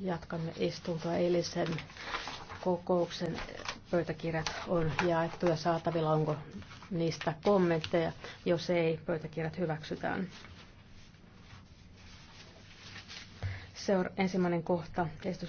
Jatkamme istuntoa eilisen kokouksen. Pöytäkirjat on jaettu ja saatavilla. Onko niistä kommentteja? Jos ei, pöytäkirjat hyväksytään. Seura- ensimmäinen kohta. Esitys